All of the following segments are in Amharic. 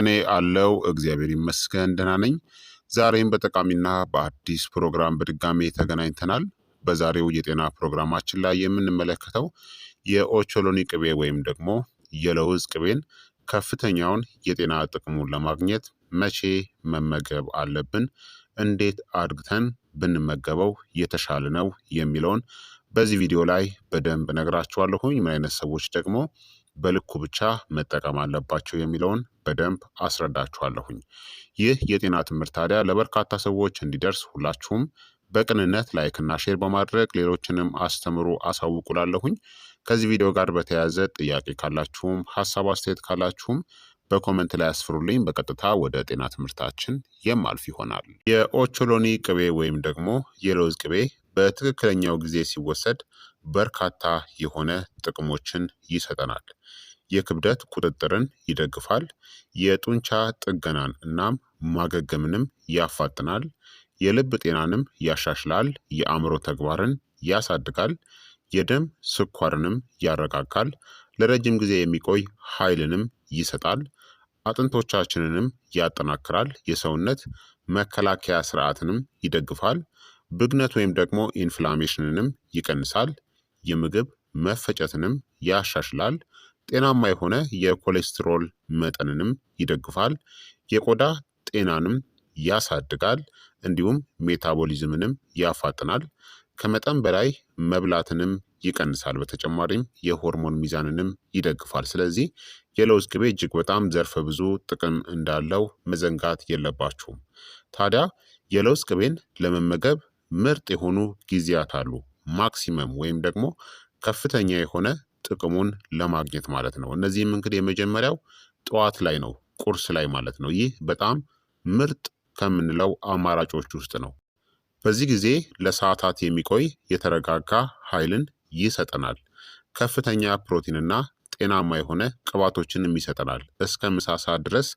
እኔ አለው እግዚአብሔር ይመስገን ደህና ነኝ። ዛሬም በጠቃሚና በአዲስ ፕሮግራም በድጋሜ ተገናኝተናል። በዛሬው የጤና ፕሮግራማችን ላይ የምንመለከተው የኦቾሎኒ ቅቤ ወይም ደግሞ የለውዝ ቅቤን ከፍተኛውን የጤና ጥቅሙን ለማግኘት መቼ መመገብ አለብን፣ እንዴት አድግተን ብንመገበው የተሻለ ነው የሚለውን በዚህ ቪዲዮ ላይ በደንብ ነግራችኋለሁኝ። ምን አይነት ሰዎች ደግሞ በልኩ ብቻ መጠቀም አለባቸው የሚለውን በደንብ አስረዳችኋለሁኝ። ይህ የጤና ትምህርት ታዲያ ለበርካታ ሰዎች እንዲደርስ ሁላችሁም በቅንነት ላይክና ሼር በማድረግ ሌሎችንም አስተምሩ አሳውቁላለሁኝ። ከዚህ ቪዲዮ ጋር በተያያዘ ጥያቄ ካላችሁም ሀሳብ አስተያየት ካላችሁም በኮመንት ላይ አስፍሩልኝ። በቀጥታ ወደ ጤና ትምህርታችን የማልፍ ይሆናል። የኦቾሎኒ ቅቤ ወይም ደግሞ የለውዝ ቅቤ በትክክለኛው ጊዜ ሲወሰድ በርካታ የሆነ ጥቅሞችን ይሰጠናል። የክብደት ቁጥጥርን ይደግፋል። የጡንቻ ጥገናን እናም ማገገምንም ያፋጥናል። የልብ ጤናንም ያሻሽላል። የአእምሮ ተግባርን ያሳድጋል። የደም ስኳርንም ያረጋጋል። ለረጅም ጊዜ የሚቆይ ኃይልንም ይሰጣል። አጥንቶቻችንንም ያጠናክራል። የሰውነት መከላከያ ስርዓትንም ይደግፋል። ብግነት ወይም ደግሞ ኢንፍላሜሽንንም ይቀንሳል። የምግብ መፈጨትንም ያሻሽላል። ጤናማ የሆነ የኮሌስትሮል መጠንንም ይደግፋል። የቆዳ ጤናንም ያሳድጋል። እንዲሁም ሜታቦሊዝምንም ያፋጥናል። ከመጠን በላይ መብላትንም ይቀንሳል። በተጨማሪም የሆርሞን ሚዛንንም ይደግፋል። ስለዚህ የለውዝ ቅቤ እጅግ በጣም ዘርፈ ብዙ ጥቅም እንዳለው መዘንጋት የለባችሁም። ታዲያ የለውዝ ቅቤን ለመመገብ ምርጥ የሆኑ ጊዜያት አሉ። ማክሲመም ወይም ደግሞ ከፍተኛ የሆነ ጥቅሙን ለማግኘት ማለት ነው። እነዚህም እንግዲህ የመጀመሪያው ጠዋት ላይ ነው፣ ቁርስ ላይ ማለት ነው። ይህ በጣም ምርጥ ከምንለው አማራጮች ውስጥ ነው። በዚህ ጊዜ ለሰዓታት የሚቆይ የተረጋጋ ኃይልን ይሰጠናል። ከፍተኛ ፕሮቲንና ጤናማ የሆነ ቅባቶችንም ይሰጠናል። እስከ ምሳ ሰዓት ድረስ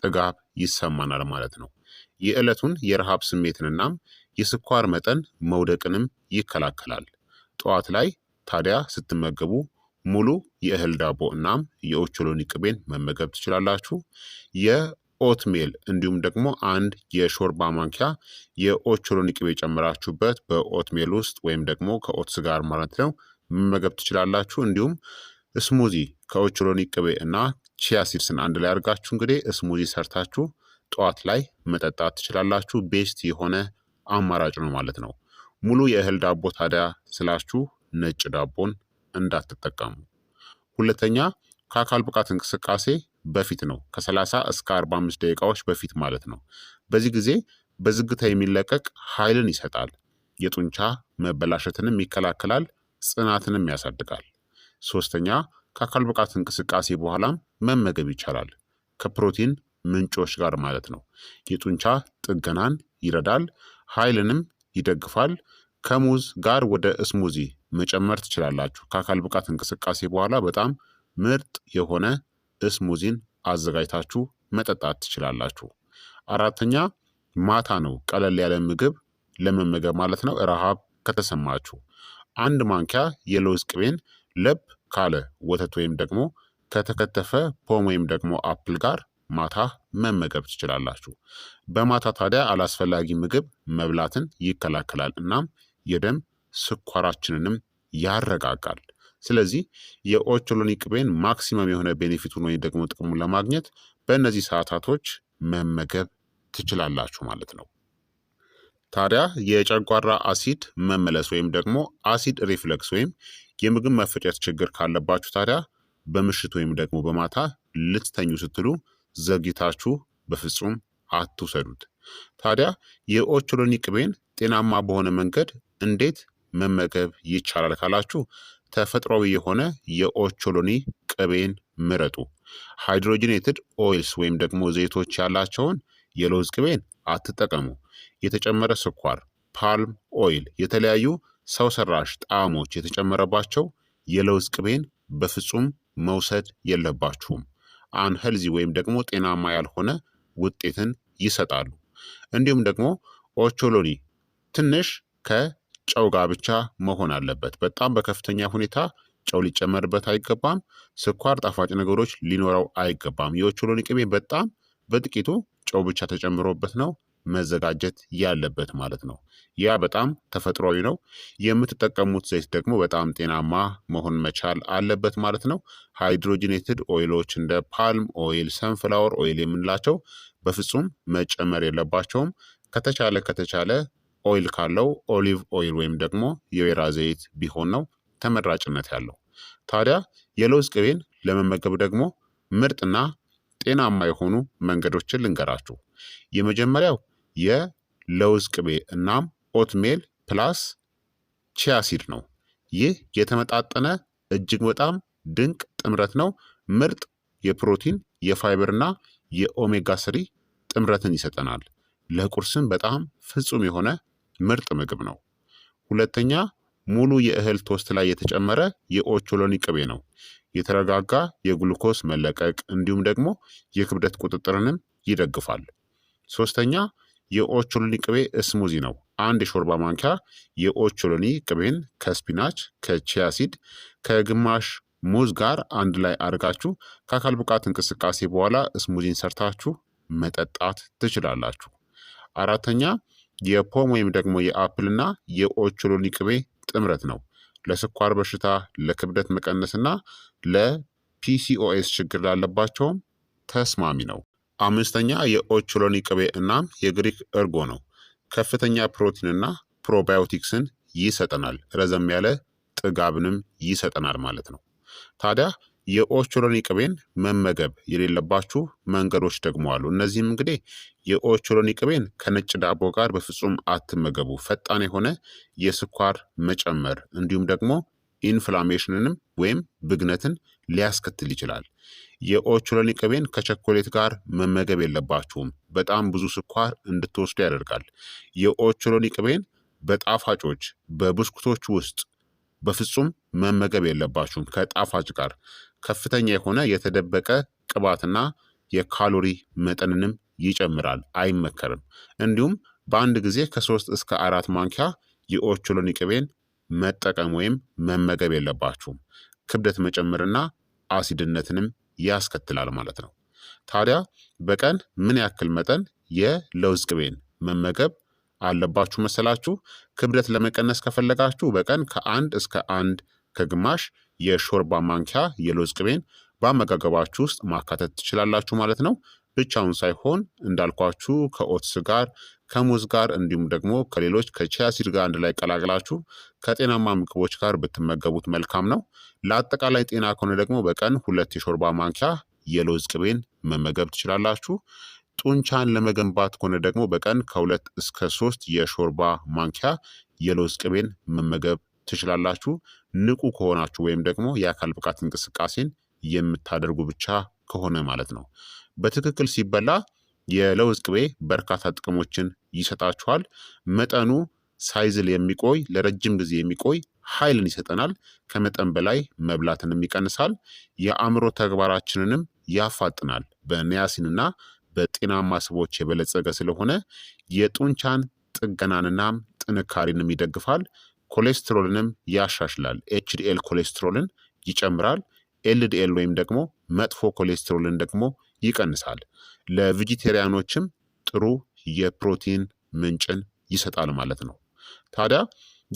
ጥጋብ ይሰማናል ማለት ነው። የዕለቱን የረሃብ ስሜትንናም የስኳር መጠን መውደቅንም ይከላከላል። ጠዋት ላይ ታዲያ ስትመገቡ ሙሉ የእህል ዳቦ እናም የኦቾሎኒ ቅቤን መመገብ ትችላላችሁ። የኦትሜል እንዲሁም ደግሞ አንድ የሾርባ ማንኪያ የኦቾሎኒ ቅቤ ጨምራችሁበት በኦትሜል ውስጥ ወይም ደግሞ ከኦትስ ጋር ማለት ነው መመገብ ትችላላችሁ። እንዲሁም ስሙዚ ከኦቾሎኒ ቅቤ እና ቺያ ሲድስን አንድ ላይ አድርጋችሁ እንግዲህ ስሙዚ ሰርታችሁ ጠዋት ላይ መጠጣት ትችላላችሁ። ቤስት የሆነ አማራጭ ነው ማለት ነው። ሙሉ የእህል ዳቦ ታዲያ ስላችሁ ነጭ ዳቦን እንዳትጠቀሙ። ሁለተኛ ከአካል ብቃት እንቅስቃሴ በፊት ነው። ከ30 እስከ 45 ደቂቃዎች በፊት ማለት ነው። በዚህ ጊዜ በዝግታ የሚለቀቅ ኃይልን ይሰጣል። የጡንቻ መበላሸትንም ይከላከላል፣ ጽናትንም ያሳድጋል። ሶስተኛ ከአካል ብቃት እንቅስቃሴ በኋላም መመገብ ይቻላል፣ ከፕሮቲን ምንጮች ጋር ማለት ነው። የጡንቻ ጥገናን ይረዳል፣ ኃይልንም ይደግፋል። ከሙዝ ጋር ወደ እስሙዚ መጨመር ትችላላችሁ። ከአካል ብቃት እንቅስቃሴ በኋላ በጣም ምርጥ የሆነ እስሙዚን አዘጋጅታችሁ መጠጣት ትችላላችሁ። አራተኛ ማታ ነው ቀለል ያለ ምግብ ለመመገብ ማለት ነው። ረሃብ ከተሰማችሁ አንድ ማንኪያ የለውዝ ቅቤን ለብ ካለ ወተት ወይም ደግሞ ከተከተፈ ፖም ወይም ደግሞ አፕል ጋር ማታ መመገብ ትችላላችሁ። በማታ ታዲያ አላስፈላጊ ምግብ መብላትን ይከላከላል፣ እናም የደም ስኳራችንንም ያረጋጋል። ስለዚህ የኦቾሎኒ ቅቤን ማክሲመም የሆነ ቤኔፊቱን ወይም ደግሞ ጥቅሙን ለማግኘት በእነዚህ ሰዓታቶች መመገብ ትችላላችሁ ማለት ነው። ታዲያ የጨጓራ አሲድ መመለስ ወይም ደግሞ አሲድ ሪፍለክስ ወይም የምግብ መፈጨት ችግር ካለባችሁ ታዲያ በምሽት ወይም ደግሞ በማታ ልትተኙ ስትሉ ዘግይታችሁ በፍጹም አትውሰዱት። ታዲያ የኦቾሎኒ ቅቤን ጤናማ በሆነ መንገድ እንዴት መመገብ ይቻላል ካላችሁ ተፈጥሯዊ የሆነ የኦቾሎኒ ቅቤን ምረጡ። ሃይድሮጂኔትድ ኦይልስ ወይም ደግሞ ዘይቶች ያላቸውን የለውዝ ቅቤን አትጠቀሙ። የተጨመረ ስኳር፣ ፓልም ኦይል፣ የተለያዩ ሰው ሰራሽ ጣዕሞች የተጨመረባቸው የለውዝ ቅቤን በፍጹም መውሰድ የለባችሁም። አንሄልዚ ወይም ደግሞ ጤናማ ያልሆነ ውጤትን ይሰጣሉ። እንዲሁም ደግሞ ኦቾሎኒ ትንሽ ከጨው ጋር ብቻ መሆን አለበት። በጣም በከፍተኛ ሁኔታ ጨው ሊጨመርበት አይገባም። ስኳር፣ ጣፋጭ ነገሮች ሊኖረው አይገባም። የኦቾሎኒ ቅቤ በጣም በጥቂቱ ጨው ብቻ ተጨምሮበት ነው መዘጋጀት ያለበት ማለት ነው። ያ በጣም ተፈጥሯዊ ነው። የምትጠቀሙት ዘይት ደግሞ በጣም ጤናማ መሆን መቻል አለበት ማለት ነው። ሃይድሮጂኔትድ ኦይሎች እንደ ፓልም ኦይል፣ ሰንፍላወር ኦይል የምንላቸው በፍጹም መጨመር የለባቸውም። ከተቻለ ከተቻለ ኦይል ካለው ኦሊቭ ኦይል ወይም ደግሞ የወይራ ዘይት ቢሆን ነው ተመራጭነት ያለው። ታዲያ የለውዝ ቅቤን ለመመገብ ደግሞ ምርጥና ጤናማ የሆኑ መንገዶችን ልንገራችሁ። የመጀመሪያው የለውዝ ቅቤ እናም ኦትሜል ፕላስ ቺያሲድ ነው። ይህ የተመጣጠነ እጅግ በጣም ድንቅ ጥምረት ነው። ምርጥ የፕሮቲን የፋይበርና የኦሜጋ ስሪ ጥምረትን ይሰጠናል። ለቁርስም በጣም ፍጹም የሆነ ምርጥ ምግብ ነው። ሁለተኛ ሙሉ የእህል ቶስት ላይ የተጨመረ የኦቾሎኒ ቅቤ ነው። የተረጋጋ የግሉኮስ መለቀቅ እንዲሁም ደግሞ የክብደት ቁጥጥርንም ይደግፋል። ሶስተኛ የኦቾሎኒ ቅቤ እስሙዚ ነው። አንድ የሾርባ ማንኪያ የኦቾሎኒ ቅቤን ከስፒናች ከቺያ ሲድ ከግማሽ ሙዝ ጋር አንድ ላይ አድርጋችሁ ከአካል ብቃት እንቅስቃሴ በኋላ እስሙዚን ሰርታችሁ መጠጣት ትችላላችሁ። አራተኛ የፖም ወይም ደግሞ የአፕልና የኦቾሎኒ ቅቤ ጥምረት ነው። ለስኳር በሽታ ለክብደት መቀነስና ለፒሲኦኤስ ችግር ላለባቸውም ተስማሚ ነው። አምስተኛ የኦቾሎኒ ቅቤ እናም የግሪክ እርጎ ነው። ከፍተኛ ፕሮቲንና ፕሮባዮቲክስን ይሰጠናል። ረዘም ያለ ጥጋብንም ይሰጠናል ማለት ነው። ታዲያ የኦቾሎኒ ቅቤን መመገብ የሌለባችሁ መንገዶች ደግሞ አሉ። እነዚህም እንግዲህ የኦቾሎኒ ቅቤን ከነጭ ዳቦ ጋር በፍጹም አትመገቡ። ፈጣን የሆነ የስኳር መጨመር እንዲሁም ደግሞ ኢንፍላሜሽንንም ወይም ብግነትን ሊያስከትል ይችላል። የኦቾሎኒ ቅቤን ከቸኮሌት ጋር መመገብ የለባችሁም። በጣም ብዙ ስኳር እንድትወስዱ ያደርጋል። የኦቾሎኒ ቅቤን በጣፋጮች በብስኩቶች ውስጥ በፍጹም መመገብ የለባችሁም። ከጣፋጭ ጋር ከፍተኛ የሆነ የተደበቀ ቅባትና የካሎሪ መጠንንም ይጨምራል፣ አይመከርም። እንዲሁም በአንድ ጊዜ ከሶስት እስከ አራት ማንኪያ የኦቾሎኒ ቅቤን መጠቀም ወይም መመገብ የለባችሁም። ክብደት መጨመርና አሲድነትንም ያስከትላል ማለት ነው። ታዲያ በቀን ምን ያክል መጠን የለውዝ ቅቤን መመገብ አለባችሁ መሰላችሁ? ክብደት ለመቀነስ ከፈለጋችሁ በቀን ከአንድ እስከ አንድ ከግማሽ የሾርባ ማንኪያ የለውዝ ቅቤን በአመጋገባችሁ ውስጥ ማካተት ትችላላችሁ ማለት ነው። ብቻውን ሳይሆን እንዳልኳችሁ ከኦትስ ጋር ከሙዝ ጋር እንዲሁም ደግሞ ከሌሎች ከቺያሲድ ጋር አንድ ላይ ቀላቅላችሁ ከጤናማ ምግቦች ጋር ብትመገቡት መልካም ነው። ለአጠቃላይ ጤና ከሆነ ደግሞ በቀን ሁለት የሾርባ ማንኪያ የለውዝ ቅቤን መመገብ ትችላላችሁ። ጡንቻን ለመገንባት ከሆነ ደግሞ በቀን ከሁለት እስከ ሶስት የሾርባ ማንኪያ የለውዝ ቅቤን መመገብ ትችላላችሁ። ንቁ ከሆናችሁ ወይም ደግሞ የአካል ብቃት እንቅስቃሴን የምታደርጉ ብቻ ከሆነ ማለት ነው። በትክክል ሲበላ የለውዝ ቅቤ በርካታ ጥቅሞችን ይሰጣችኋል። መጠኑ ሳይዝል የሚቆይ ለረጅም ጊዜ የሚቆይ ኃይልን ይሰጠናል። ከመጠን በላይ መብላትንም ይቀንሳል። የአእምሮ ተግባራችንንም ያፋጥናል። በኒያሲንና በጤናማ ስቦች የበለጸገ ስለሆነ የጡንቻን ጥገናንናም ጥንካሬንም ይደግፋል። ኮሌስትሮልንም ያሻሽላል። ኤችዲኤል ኮሌስትሮልን ይጨምራል። ኤልዲኤል ወይም ደግሞ መጥፎ ኮሌስትሮልን ደግሞ ይቀንሳል። ለቬጂቴሪያኖችም ጥሩ የፕሮቲን ምንጭን ይሰጣል ማለት ነው። ታዲያ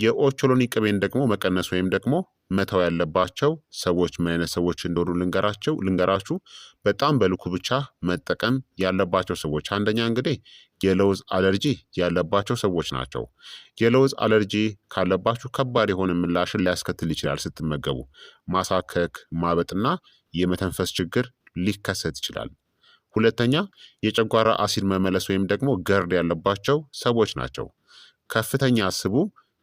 የኦቾሎኒ ቅቤን ደግሞ መቀነስ ወይም ደግሞ መተው ያለባቸው ሰዎች ምን አይነት ሰዎች እንደሆኑ ልንገራቸው ልንገራችሁ። በጣም በልኩ ብቻ መጠቀም ያለባቸው ሰዎች አንደኛ እንግዲህ የለውዝ አለርጂ ያለባቸው ሰዎች ናቸው። የለውዝ አለርጂ ካለባችሁ ከባድ የሆነ ምላሽን ሊያስከትል ይችላል። ስትመገቡ ማሳከክ፣ ማበጥና የመተንፈስ ችግር ሊከሰት ይችላል። ሁለተኛ የጨጓራ አሲድ መመለስ ወይም ደግሞ ገርድ ያለባቸው ሰዎች ናቸው። ከፍተኛ ስቡ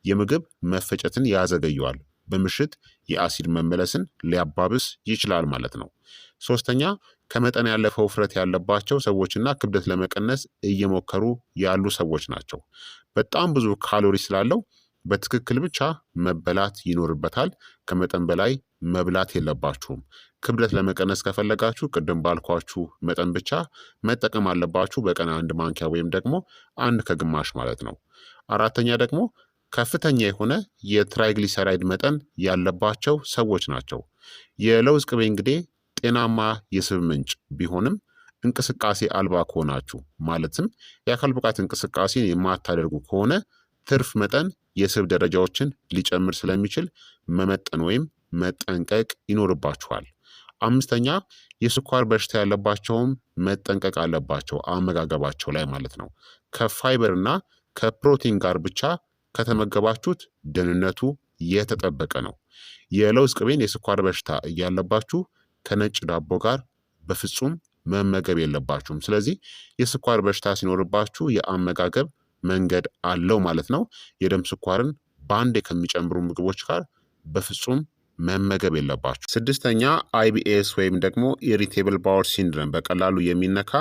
የምግብ መፈጨትን ያዘገየዋል። በምሽት የአሲድ መመለስን ሊያባብስ ይችላል ማለት ነው። ሶስተኛ ከመጠን ያለፈ ውፍረት ያለባቸው ሰዎችና ክብደት ለመቀነስ እየሞከሩ ያሉ ሰዎች ናቸው። በጣም ብዙ ካሎሪ ስላለው በትክክል ብቻ መበላት ይኖርበታል። ከመጠን በላይ መብላት የለባችሁም። ክብደት ለመቀነስ ከፈለጋችሁ ቅድም ባልኳችሁ መጠን ብቻ መጠቀም አለባችሁ። በቀን አንድ ማንኪያ ወይም ደግሞ አንድ ከግማሽ ማለት ነው። አራተኛ ደግሞ ከፍተኛ የሆነ የትራይግሊሰራይድ መጠን ያለባቸው ሰዎች ናቸው። የለውዝ ቅቤ እንግዲህ ጤናማ የስብ ምንጭ ቢሆንም እንቅስቃሴ አልባ ከሆናችሁ ማለትም የአካል ብቃት እንቅስቃሴን የማታደርጉ ከሆነ ትርፍ መጠን የስብ ደረጃዎችን ሊጨምር ስለሚችል መመጠን ወይም መጠንቀቅ ይኖርባችኋል። አምስተኛ የስኳር በሽታ ያለባቸውም መጠንቀቅ አለባቸው አመጋገባቸው ላይ ማለት ነው። ከፋይበር እና ከፕሮቲን ጋር ብቻ ከተመገባችሁት ደህንነቱ የተጠበቀ ነው። የለውዝ ቅቤን የስኳር በሽታ እያለባችሁ ከነጭ ዳቦ ጋር በፍጹም መመገብ የለባችሁም። ስለዚህ የስኳር በሽታ ሲኖርባችሁ የአመጋገብ መንገድ አለው ማለት ነው። የደም ስኳርን በአንዴ ከሚጨምሩ ምግቦች ጋር በፍጹም መመገብ የለባችሁ። ስድስተኛ አይቢኤስ ወይም ደግሞ ኢሪቴብል ባወር ሲንድረም በቀላሉ የሚነካ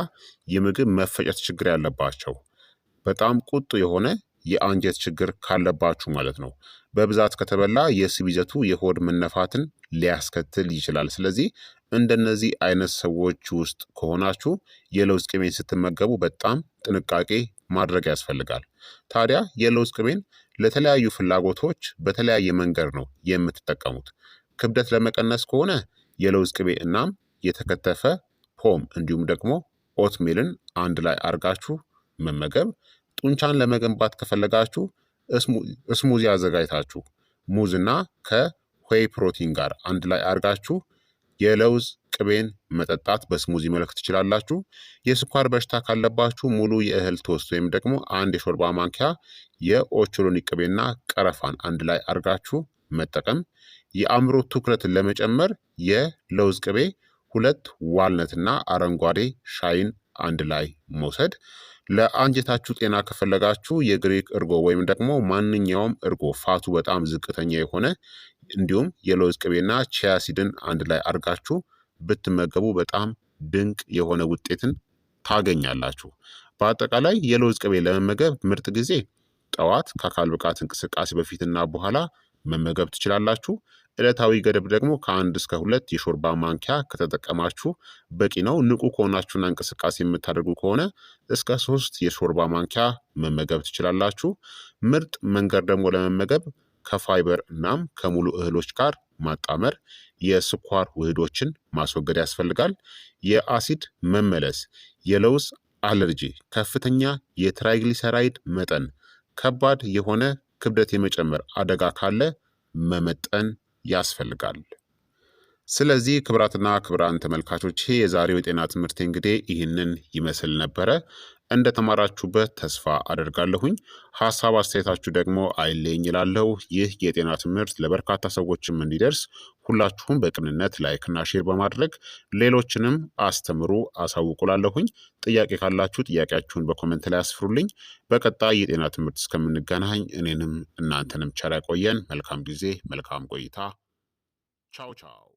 የምግብ መፈጨት ችግር ያለባቸው በጣም ቁጡ የሆነ የአንጀት ችግር ካለባችሁ ማለት ነው። በብዛት ከተበላ የስብ ይዘቱ የሆድ መነፋትን ሊያስከትል ይችላል። ስለዚህ እንደነዚህ አይነት ሰዎች ውስጥ ከሆናችሁ የለውዝ ቅቤን ስትመገቡ በጣም ጥንቃቄ ማድረግ ያስፈልጋል። ታዲያ የለውዝ ቅቤን ለተለያዩ ፍላጎቶች በተለያየ መንገድ ነው የምትጠቀሙት። ክብደት ለመቀነስ ከሆነ የለውዝ ቅቤ እናም የተከተፈ ፖም እንዲሁም ደግሞ ኦትሜልን አንድ ላይ አርጋችሁ መመገብ። ጡንቻን ለመገንባት ከፈለጋችሁ እስሙዚ አዘጋጅታችሁ ሙዝና ከሆይ ፕሮቲን ጋር አንድ ላይ አርጋችሁ የለውዝ ቅቤን መጠጣት በስሙዚ መልክ ትችላላችሁ። የስኳር በሽታ ካለባችሁ ሙሉ የእህል ቶስት ወይም ደግሞ አንድ የሾርባ ማንኪያ የኦቾሎኒ ቅቤና ቀረፋን አንድ ላይ አድርጋችሁ መጠቀም። የአእምሮ ትኩረትን ለመጨመር የለውዝ ቅቤ ሁለት ዋልነትና አረንጓዴ ሻይን አንድ ላይ መውሰድ። ለአንጀታችሁ ጤና ከፈለጋችሁ የግሪክ እርጎ ወይም ደግሞ ማንኛውም እርጎ ፋቱ በጣም ዝቅተኛ የሆነ እንዲሁም የለውዝ ቅቤና ቺያሲድን አንድ ላይ አድርጋችሁ ብትመገቡ በጣም ድንቅ የሆነ ውጤትን ታገኛላችሁ። በአጠቃላይ የለውዝ ቅቤ ለመመገብ ምርጥ ጊዜ ጠዋት ከአካል ብቃት እንቅስቃሴ በፊትና በኋላ መመገብ ትችላላችሁ። ዕለታዊ ገደብ ደግሞ ከአንድ እስከ ሁለት የሾርባ ማንኪያ ከተጠቀማችሁ በቂ ነው። ንቁ ከሆናችሁና እንቅስቃሴ የምታደርጉ ከሆነ እስከ ሶስት የሾርባ ማንኪያ መመገብ ትችላላችሁ። ምርጥ መንገድ ደግሞ ለመመገብ ከፋይበር እናም ከሙሉ እህሎች ጋር ማጣመር የስኳር ውህዶችን ማስወገድ ያስፈልጋል። የአሲድ መመለስ፣ የለውዝ አለርጂ፣ ከፍተኛ የትራይግሊሰራይድ መጠን፣ ከባድ የሆነ ክብደት የመጨመር አደጋ ካለ መመጠን ያስፈልጋል። ስለዚህ ክብራትና ክብራን ተመልካቾች የዛሬው የጤና ትምህርት እንግዲህ ይህንን ይመስል ነበረ። እንደተማራችሁበት ተስፋ አደርጋለሁኝ። ሀሳብ አስተያየታችሁ ደግሞ አይለኝ ይላለው ይህ የጤና ትምህርት ለበርካታ ሰዎችም እንዲደርስ ሁላችሁም በቅንነት ላይክና ሼር በማድረግ ሌሎችንም አስተምሩ፣ አሳውቁላለሁኝ። ጥያቄ ካላችሁ ጥያቄያችሁን በኮመንት ላይ አስፍሩልኝ። በቀጣይ የጤና ትምህርት እስከምንገናኝ እኔንም እናንተንም ቸር ያቆየን። መልካም ጊዜ፣ መልካም ቆይታ። ቻው ቻው